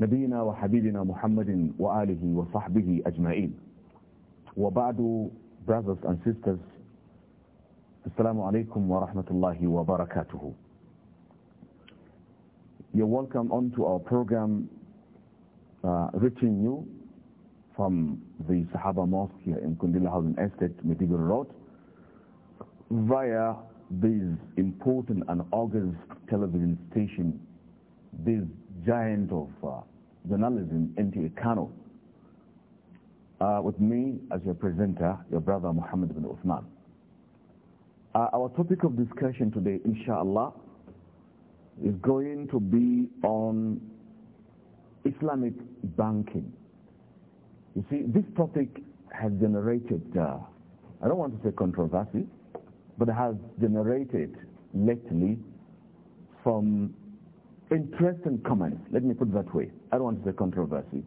نبينا وحبيبنا محمد وآله وصحبه أجمعين وبعد brothers and sisters السلام عليكم ورحمة الله وبركاته You're welcome on to our program uh, reaching you from the Sahaba Mosque here in Kundila Housing Estate, Medigal Road via this important and august television station, this giant of uh, journalism, NTA Kano, uh, with me as your presenter, your brother Muhammad bin Uthman. Uh, our topic of discussion today, inshallah, is going to be on Islamic banking. You see, this topic has generated, uh, I don't want to say controversy, but has generated lately some interesting comments. Let me put that way. I don't want to say controversy.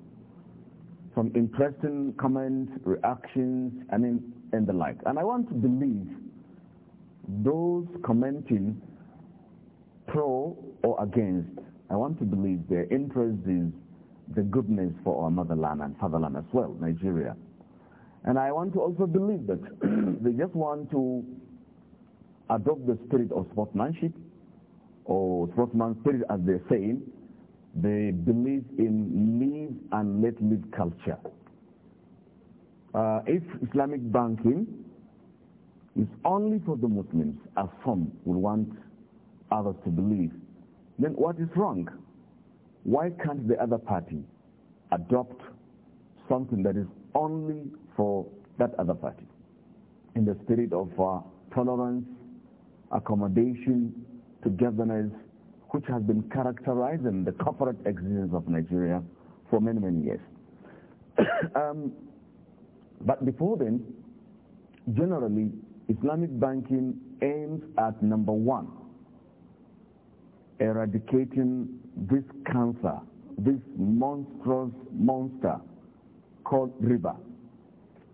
Some interesting comments, reactions, I mean, and the like. And I want to believe those commenting pro or against, I want to believe their interest is the goodness for our motherland and fatherland as well, Nigeria. And I want to also believe that they just want to adopt the spirit of sportsmanship or spokesman spirit, it as they're saying, they believe in live and let live culture. Uh, if Islamic banking is only for the Muslims, as some would want others to believe, then what is wrong? Why can't the other party adopt something that is only for that other party in the spirit of uh, tolerance, accommodation, togetherness which has been characterizing the corporate existence of Nigeria for many, many years. um, but before then, generally, Islamic banking aims at number one, eradicating this cancer, this monstrous monster called riba.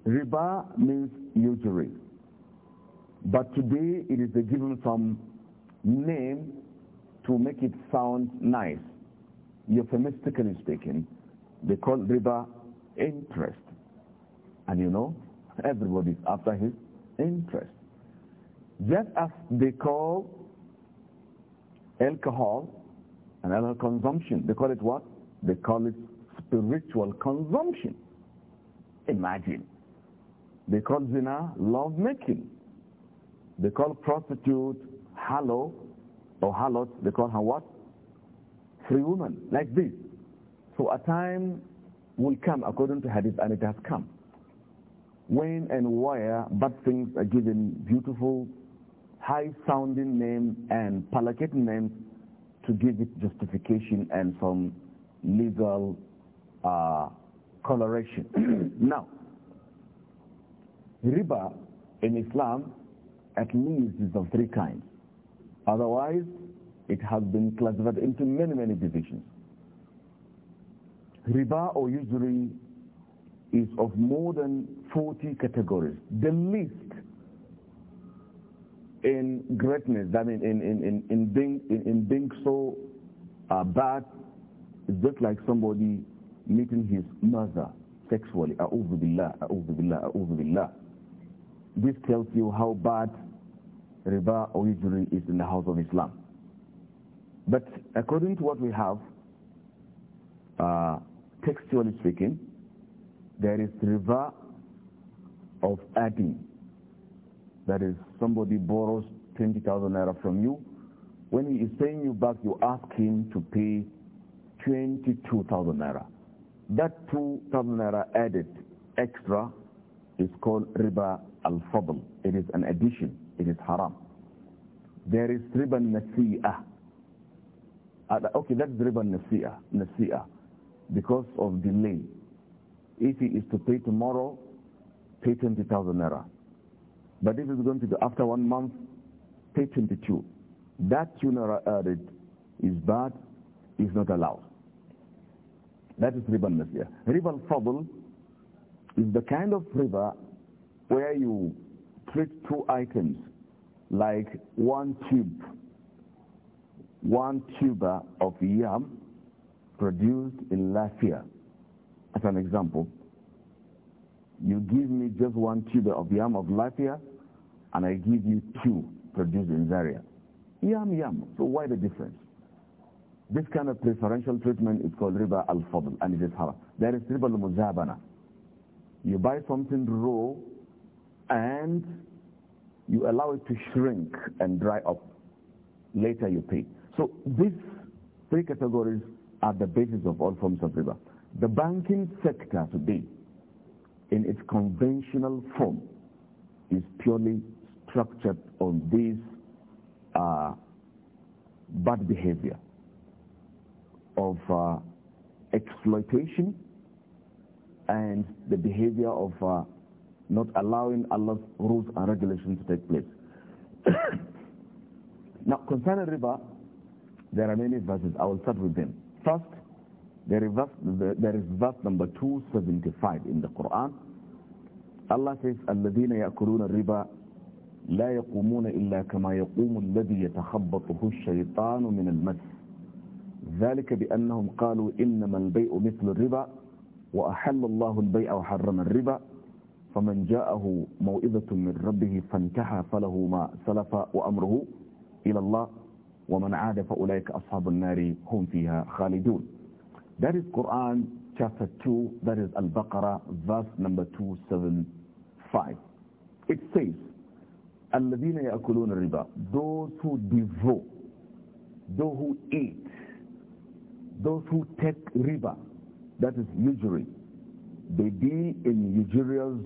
Riba means usury. But today it is a given some name to make it sound nice, euphemistically speaking. They call riba interest. And you know, everybody's after his interest. Just as they call alcohol and alcohol consumption, they call it what? They call it spiritual consumption. Imagine. They call zina love making. They call prostitute hallow or harlot, they call her what? Free woman, like this. So a time will come, according to hadith, and it has come, when and where bad things are given beautiful, high-sounding names and palliative names to give it justification and some legal uh, coloration. now, riba in Islam at least is of three kinds. Otherwise, it has been classified into many, many divisions. Riba or usury is of more than 40 categories. The least in greatness, I mean, in, in, in, in, being, in, in being so uh, bad, it's just like somebody meeting his mother sexually. A'udhu billah, a'udhu billah, a'udhu billah. This tells you how bad riba or usury is in the house of Islam. But according to what we have, uh, textually speaking, there is riba of adding. That is, somebody borrows 20,000 naira from you. When he is paying you back, you ask him to pay 22,000 naira. That 2,000 naira added extra is called riba al-fadl. It is an addition it is haram. There is riba nasi'ah. Ah, okay, that's riba nasi'ah, nasi'ah, because of delay. If he is to pay tomorrow, pay 20,000 naira. But if it's going to be after one month, pay 22. That tuner added is bad, is not allowed. That is riba nasi'ah. Riba al-fadl is the kind of riba where you treat two items like one tube, one tuber of yam produced in Latvia, As an example, you give me just one tuber of yam of Latvia, and I give you two produced in Zaria. Yam, yam. So why the difference? This kind of preferential treatment is called riba al-fadl, and it is halal. There is riba al-muzabana. You buy something raw, and you allow it to shrink and dry up. Later you pay. So these three categories are the basis of all forms of riba. The banking sector today, in its conventional form, is purely structured on this uh, bad behavior of uh, exploitation and the behavior of uh, not allowing Allah's rules and regulations to take place. now, concerning riba, there are many verses. I will start with them. First, there is verse, there is verse number 275 in the Quran. Allah says, الَّذِينَ يَأْكُلُونَ الرِّبَا لا يقومون إلا كما يقوم الذي يتخبطه الشيطان من المس ذلك بأنهم قالوا إنما البيع مثل الربا وأحل الله البيع وحرم الربا فمن جاءه موئذة من ربه فانتحى فله ما سلف وأمره إلى الله ومن عاد فأولئك أصحاب النار هم فيها خالدون That is Quran chapter 2 that is Al-Baqarah verse number 275 It says الذين يأكلون الربا those who devote those who eat those who take riba that is usury they be in usurious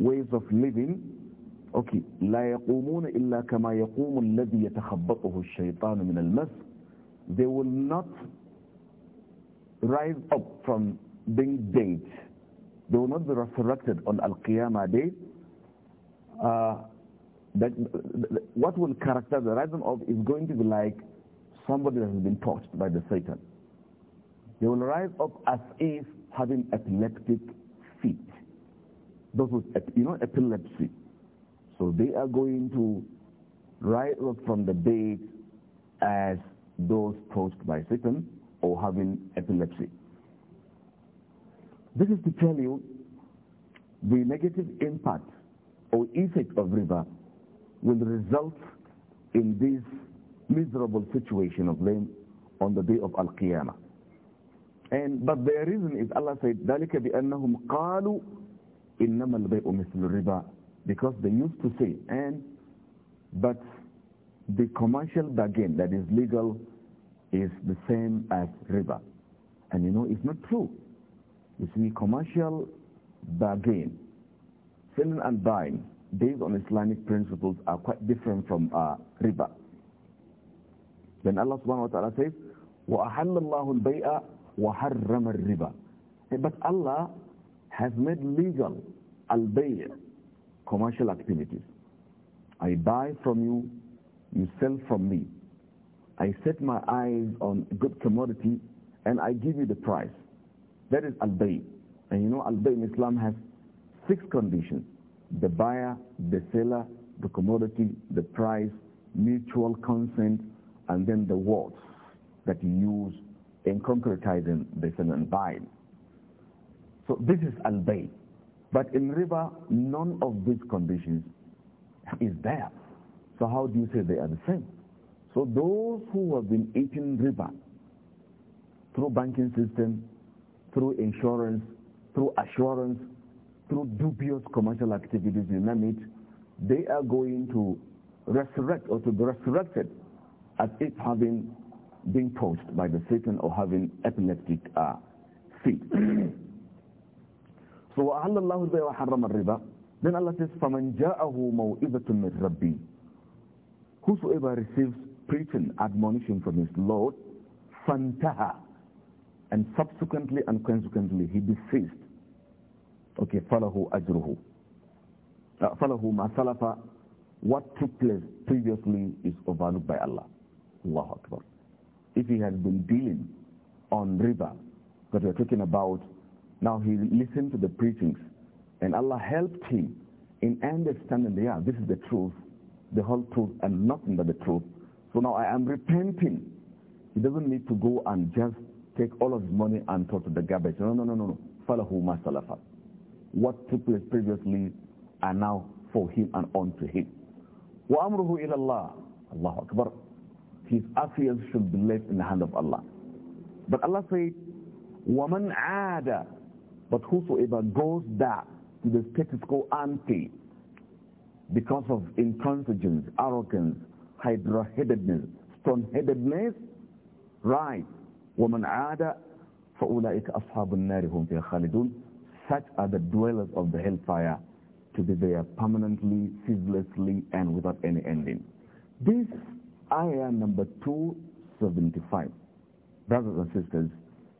ways of living, okay, لا يقومون إلا كما يقوم الذي يتخبطه الشيطان من المس They will not rise up from being dead. They will not be resurrected on Al-Qiyamah day. Uh, that, what will characterize the rising up is going to be like somebody that has been touched by the Satan. They will rise up as if having epileptic those with, you know, epilepsy. So they are going to rise up from the dead as those caused by Satan or having epilepsy. This is to tell you the negative impact or effect of riba will result in this miserable situation of them on the day of Al-Qiyamah. And, but the reason is Allah said, ذَلِكَ بِأَنَّهُمْ قَالُوا إِنَّمَا الْبَيْءُ مِثْلُ riba Because they used to say, and, but the commercial bargain that is legal is the same as riba. And you know, it's not true. You see, commercial bargain, selling and buying, based on Islamic principles, are quite different from uh, riba. Then Allah subhanahu wa ta'ala says, bay'a wa harra al riba." But Allah has made legal al commercial activities. I buy from you, you sell from me. I set my eyes on good commodity and I give you the price. That is And you know al in Islam has six conditions. The buyer, the seller, the commodity, the price, mutual consent, and then the words that you use in concretizing this and buying. So this is al-bay. But in riba, none of these conditions is there. So how do you say they are the same? So those who have been eating riba through banking system, through insurance, through assurance, through dubious commercial activities, you name it, they are going to resurrect or to be resurrected as if having been touched by the Satan or having epileptic uh, fit. So اللَّهُ الْبَيْعَ وَحَرَّمَ Then Allah says, فَمَنْ جَاءَهُ مَوْئِذَةٌ مِنْ رَبِّي Whosoever receives preaching, admonition from his Lord, فَانْتَهَى And subsequently and consequently he deceased. Okay, فَلَهُ أَجْرُهُ uh, فَلَهُ مَا سَلَفَ What took place previously is overlooked by Allah. Allah Akbar. If he has been dealing on riba that we're talking about now he listened to the preachings and Allah helped him in understanding, yeah, this is the truth, the whole truth and nothing but the truth. So now I am repenting. He doesn't need to go and just take all of his money and throw to the garbage. No, no, no, no, no. Falahu masalafa. What took place previously are now for him and unto him. Wa amruhu ila Allah. Allahu Akbar. His affairs should be left in the hand of Allah. But Allah said, وَمَنْ عَادَ but whosoever goes back to the status quo ante because of intransigence, arrogance, hydra-headedness, stone-headedness, right, woman عَادَ فَأُولَٰئِكَ أَصْحَابُ النَّارِ هُمْ فِي خَالِدُونَ Such are the dwellers of the hellfire to be there permanently, ceaselessly, and without any ending. This ayah number 275, brothers and sisters,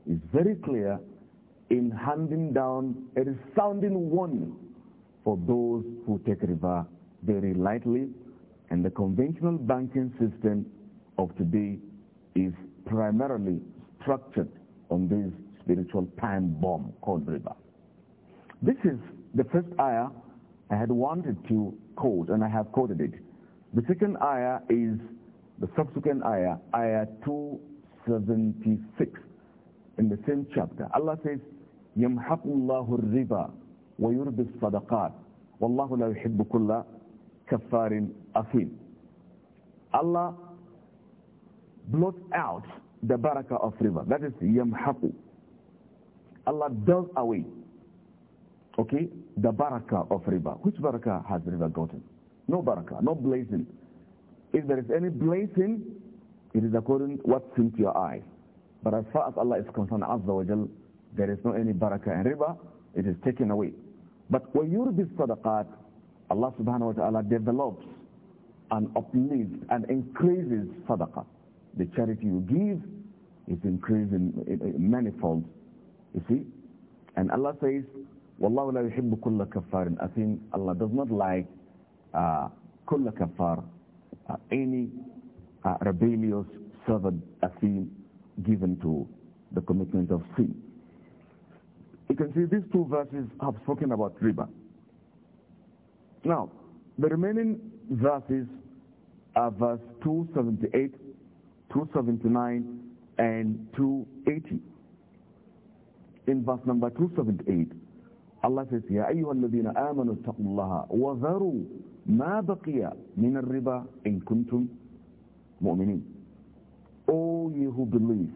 is very clear in handing down a resounding warning for those who take riba very lightly, and the conventional banking system of today is primarily structured on this spiritual time bomb called riba. This is the first ayah I had wanted to quote, and I have quoted it. The second ayah is the subsequent ayah, ayah 276 in the same chapter. Allah says, يمحق الله الربا ويربي الصدقات والله لا يحب كل كفار أثيم Allah blots out the barakah of river That is yamhaqu. Allah does away, okay, the barakah of river Which barakah has river gotten? No barakah, no blazing. If there is any blazing, it is according to what's to your eye. But as far as Allah is concerned, Azza wa Jal there is no any barakah in riba, it is taken away. But when you this sadaqat, Allah subhanahu wa ta'ala develops and uplifts and increases sadaqah. The charity you give is increasing manifold. You see? And Allah says, Wallahu la yuhibbu kulla kaffarin. I think Allah does not like uh, kulla kaffar, uh, any uh, rebellious servant, a given to the commitment of sin. You can see these two verses have spoken about riba. Now, the remaining verses are verse 278, 279, and 280. In verse number 278, Allah says, يَا أَيُّهَا الَّذِينَ آمَنُوا اتَّقُوا اللَّهَ وَذَرُوا مَا بَقِيَ مِنَ الرِّبَى إِن كُنْتُمْ مُؤْمِنِينَ All you who believe,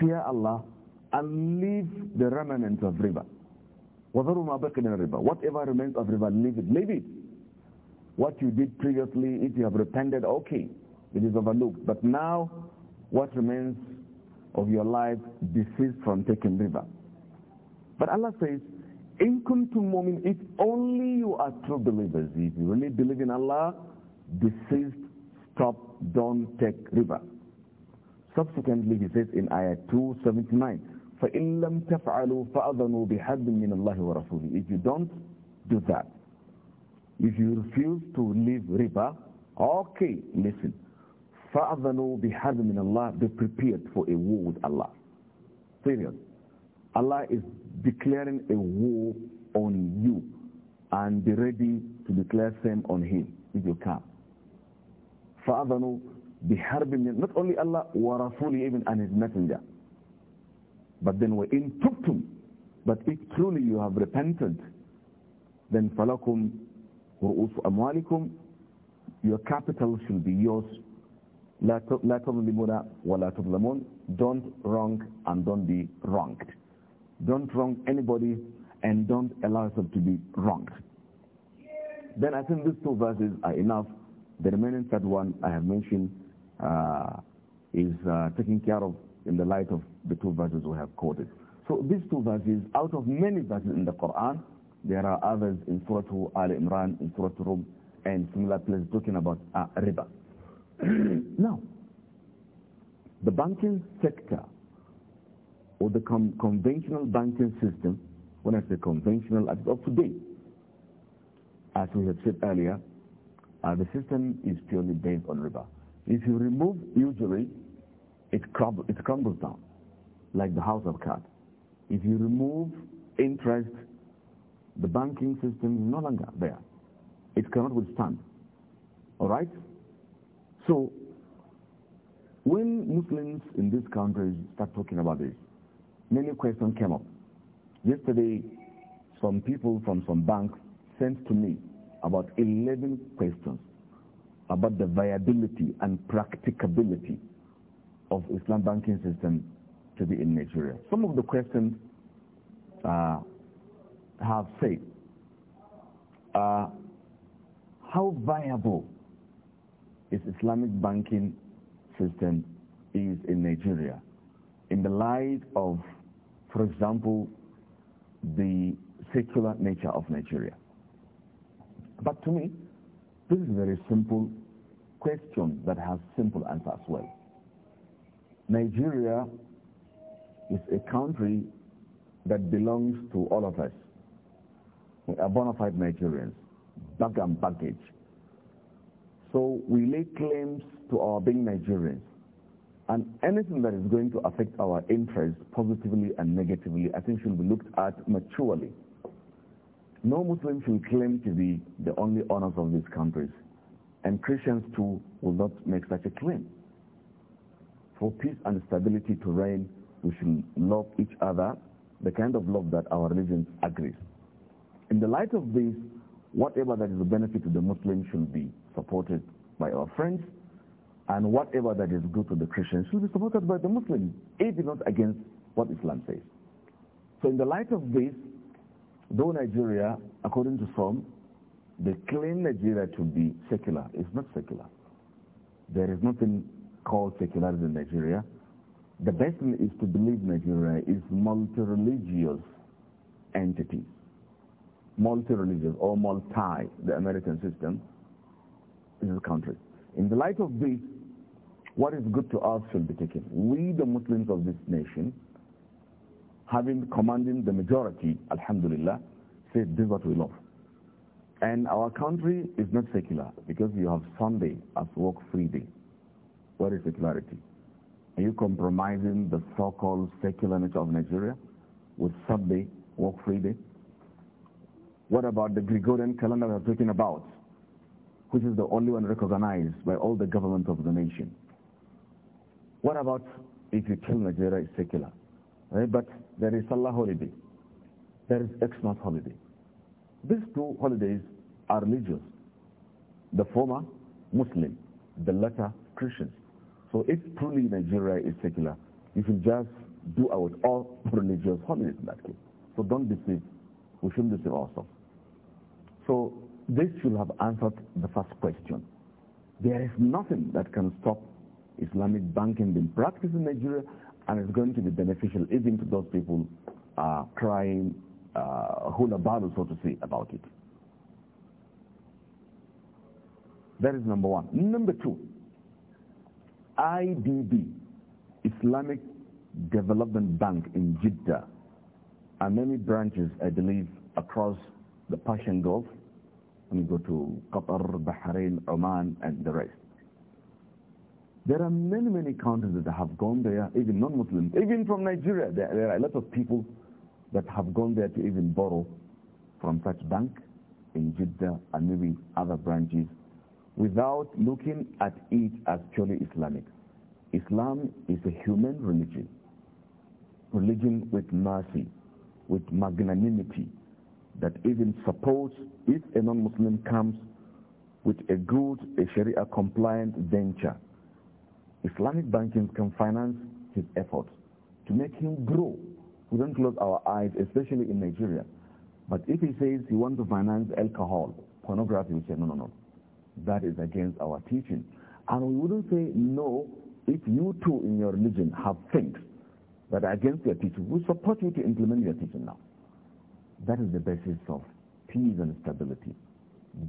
fear Allah and leave the remnants of riba. Whatever remains of riba, leave it. Leave it. What you did previously, if you have repented, okay, it is overlooked. But now, what remains of your life deceased from taking riba. But Allah says, in kuntum mu'min, if only you are true believers, if you really believe in Allah, cease, stop, don't take riba. Subsequently, he says in ayah 279, فَإِن لَمْ تَفْعَلُوا فَأَذَنُوا بِحَدٍ مِّنَ اللَّهِ وَرَسُولِهِ If you don't, do that. If you refuse to leave riba, okay, listen. فَأَذَنُوا بِحَدٍ مِّنَ اللَّهِ Be prepared for a war with Allah. Serious. Allah is declaring a war on you and be ready to declare same on him if you can. فَأَذَنُوا بِحَرْبٍ Not only Allah, وَرَسُولِهِ even and his messenger. But then we're in tubtum. But if truly you have repented, then falakum ru'usu amwalikum, your capital should be yours. La tazlimuna wa la tazlamun. Don't wrong and don't be wronged. Don't wrong anybody and don't allow yourself to be wronged. Then I think these two verses are enough. The remaining third one I have mentioned uh, is uh, taken care of in the light of the two verses we have quoted. So these two verses, out of many verses in the Quran, there are others in Surah Al Imran, in Surah Rum, and similar places talking about uh, riba. now, the banking sector or the conventional banking system, when I say conventional, as of today, as we have said earlier, uh, the system is purely based on riba. If you remove usury it, crumbles, it crumbles down, like the house of cards. If you remove interest, the banking system is no longer there. It cannot withstand. All right? So, when Muslims in this country start talking about this, many questions came up. Yesterday, some people from some banks sent to me about 11 questions about the viability and practicability of Islam banking system to be in Nigeria. Some of the questions uh, have said, uh, how viable is Islamic banking system is in Nigeria in the light of, for example, the secular nature of Nigeria? But to me, this is a very simple question that has simple answer as well. Nigeria is a country that belongs to all of us. We are bona fide Nigerians, bag and baggage. So we lay claims to our being Nigerians. And anything that is going to affect our interests positively and negatively, I think should be looked at maturely. No Muslim should claim to be the only owners of these countries. And Christians too will not make such a claim for peace and stability to reign, we should love each other, the kind of love that our religion agrees. In the light of this, whatever that is a benefit to the Muslims should be supported by our friends, and whatever that is good to the Christians should be supported by the Muslims, if not against what Islam says. So in the light of this, though Nigeria, according to some, they claim Nigeria to be secular. It's not secular. There is nothing called secularism in Nigeria, the best thing is to believe Nigeria is multi-religious entity, multi-religious or multi, the American system, is a country. In the light of this, what is good to us should be taken. We, the Muslims of this nation, having commanding the majority, alhamdulillah, say this is what we love. And our country is not secular because you have Sunday as work-free day. What is secularity? Are you compromising the so-called secular nature of Nigeria with Sunday, work-free day? What about the Gregorian calendar we're talking about, which is the only one recognized by all the governments of the nation? What about if you tell Nigeria is secular? Right? But there is Salah holiday. There is Xmas holiday. These two holidays are religious. The former, Muslim. The latter, Christians. So if truly Nigeria is secular, you should just do out all religious holidays in that case. So don't deceive. We shouldn't deceive ourselves. So this should have answered the first question. There is nothing that can stop Islamic banking being practiced in Nigeria, and it's going to be beneficial even to those people uh, crying uh, hula balu, so to say, about it. That is number one. Number two, IDB, Islamic Development Bank in Jeddah, and many branches, I believe, across the Persian Gulf. Let me go to Qatar, Bahrain, Oman, and the rest. There are many, many countries that have gone there, even non-Muslims, even from Nigeria. There, there are a lot of people that have gone there to even borrow from such bank in Jeddah and maybe other branches without looking at it as purely Islamic. Islam is a human religion, religion with mercy, with magnanimity, that even supports if a non-Muslim comes with a good, a Sharia-compliant venture. Islamic banking can finance his efforts to make him grow. We don't close our eyes, especially in Nigeria. But if he says he wants to finance alcohol, pornography, we say, no, no, no that is against our teaching. And we wouldn't say, no, if you too in your religion have things that are against your teaching, we support you to implement your teaching now. That is the basis of peace and stability,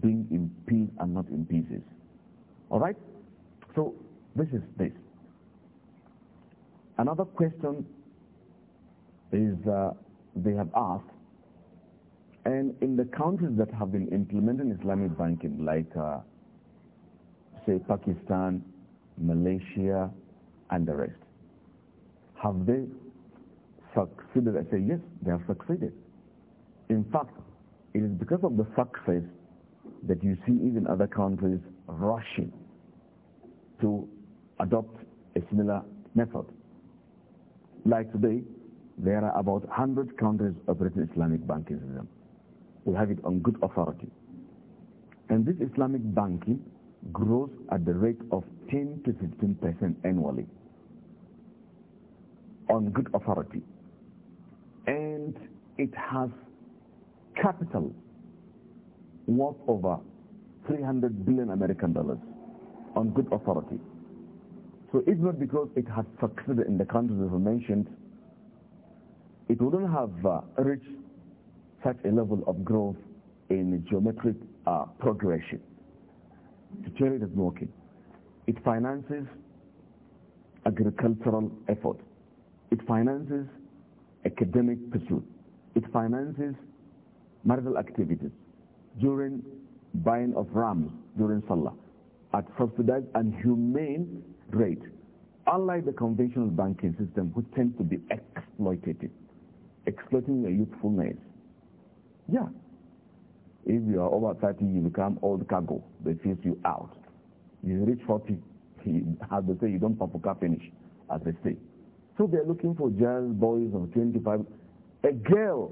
being in peace and not in pieces. All right? So this is this. Another question is uh, they have asked, and in the countries that have been implementing Islamic banking, like uh, say Pakistan, Malaysia, and the rest. Have they succeeded? I say, yes, they have succeeded. In fact, it is because of the success that you see even other countries rushing to adopt a similar method. Like today, there are about 100 countries operating Islamic banking system. We have it on good authority. And this Islamic banking grows at the rate of 10 to 15% annually on good authority. And it has capital worth over 300 billion American dollars on good authority. So it's not because it has succeeded in the countries i have mentioned, it wouldn't have uh, reached such a level of growth in geometric uh, progression. To charity is working. It finances agricultural effort. It finances academic pursuit. It finances marital activities during buying of rams during Salah at subsidized and humane rate, unlike the conventional banking system which tends to be exploitative, exploiting your youthfulness. Yeah, if you are over 30, you become old cargo. They phase you out. You reach 40, you, as they say, you don't car finish, as they say. So they're looking for young boys of 25. A girl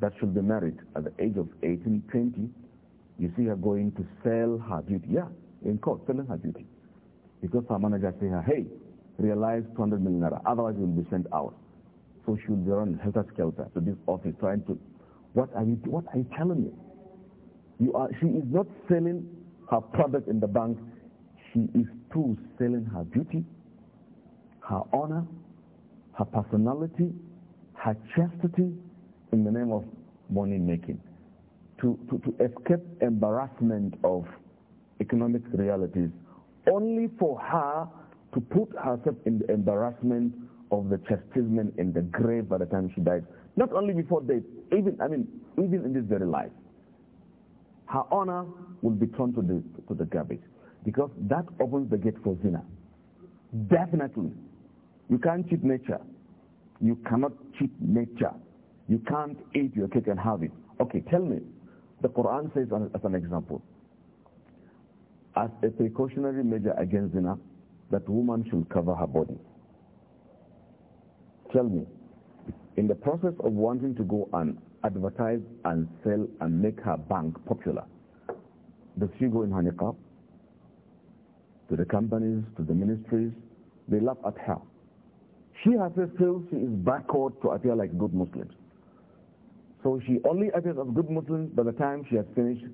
that should be married at the age of 18, 20, you see her going to sell her beauty. Yeah, in court, selling her beauty, Because her manager say her, hey, realize 200 million naira, otherwise you'll be sent out. So she'll be running helter-skelter to this office trying to what are you, what are you telling me? You are, she is not selling her product in the bank. She is too selling her beauty, her honor, her personality, her chastity in the name of money making. To, to, to escape embarrassment of economic realities, only for her to put herself in the embarrassment of the chastisement in the grave by the time she died. Not only before death, even, I mean, even in this very life. Her honor will be thrown to the, to the garbage because that opens the gate for zina. Definitely. You can't cheat nature. You cannot cheat nature. You can't eat your cake and have it. Okay, tell me. The Quran says as an example, as a precautionary measure against zina, that woman should cover her body. Tell me, in the process of wanting to go and advertise and sell and make her bank popular, does she go in her niqab? To the companies, to the ministries, they laugh at her. She herself feels she is backward to appear like good Muslims. So she only appears as good Muslims by the time she has finished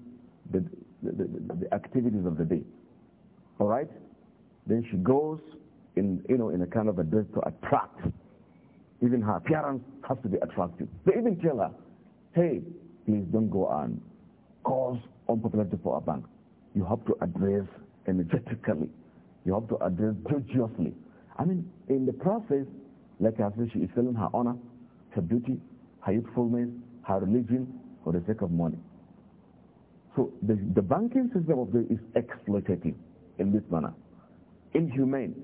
the, the, the, the activities of the day. All right? Then she goes in, you know, in a kind of a dress to attract even her appearance has to be attractive. They even tell her, hey, please don't go and cause unpopularity for a bank. You have to address energetically. You have to address judiciously. I mean, in the process, like I said, she is selling her honor, her beauty, her youthfulness, her religion for the sake of money. So the, the banking system of the is exploitative in this manner, inhumane,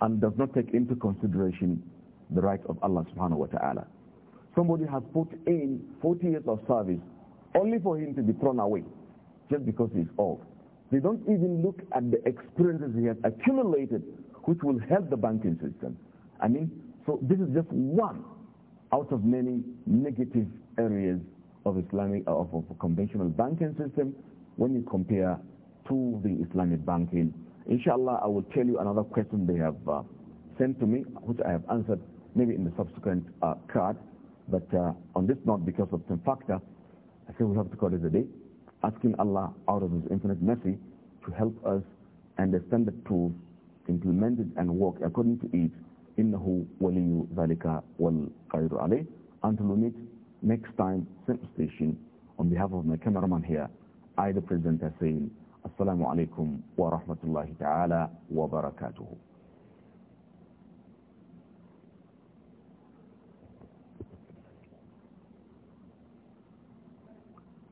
and does not take into consideration the right of Allah subhanahu wa ta'ala. Somebody has put in 40 years of service only for him to be thrown away just because he's old. They don't even look at the experiences he has accumulated which will help the banking system. I mean, so this is just one out of many negative areas of Islamic uh, of, of conventional banking system when you compare to the Islamic banking. Inshallah, I will tell you another question they have uh, sent to me, which I have answered maybe in the subsequent uh, card. But uh, on this note, because of some factor, I say we have to call it a day, asking Allah out of His infinite mercy to help us understand the truth, implement it and work according to it. إنه wa ذلك والقادر عليه. Until we meet next time, same station, on behalf of my cameraman here, I the presenter saying, Assalamu alaikum wa rahmatullahi ta'ala wa barakatuhu.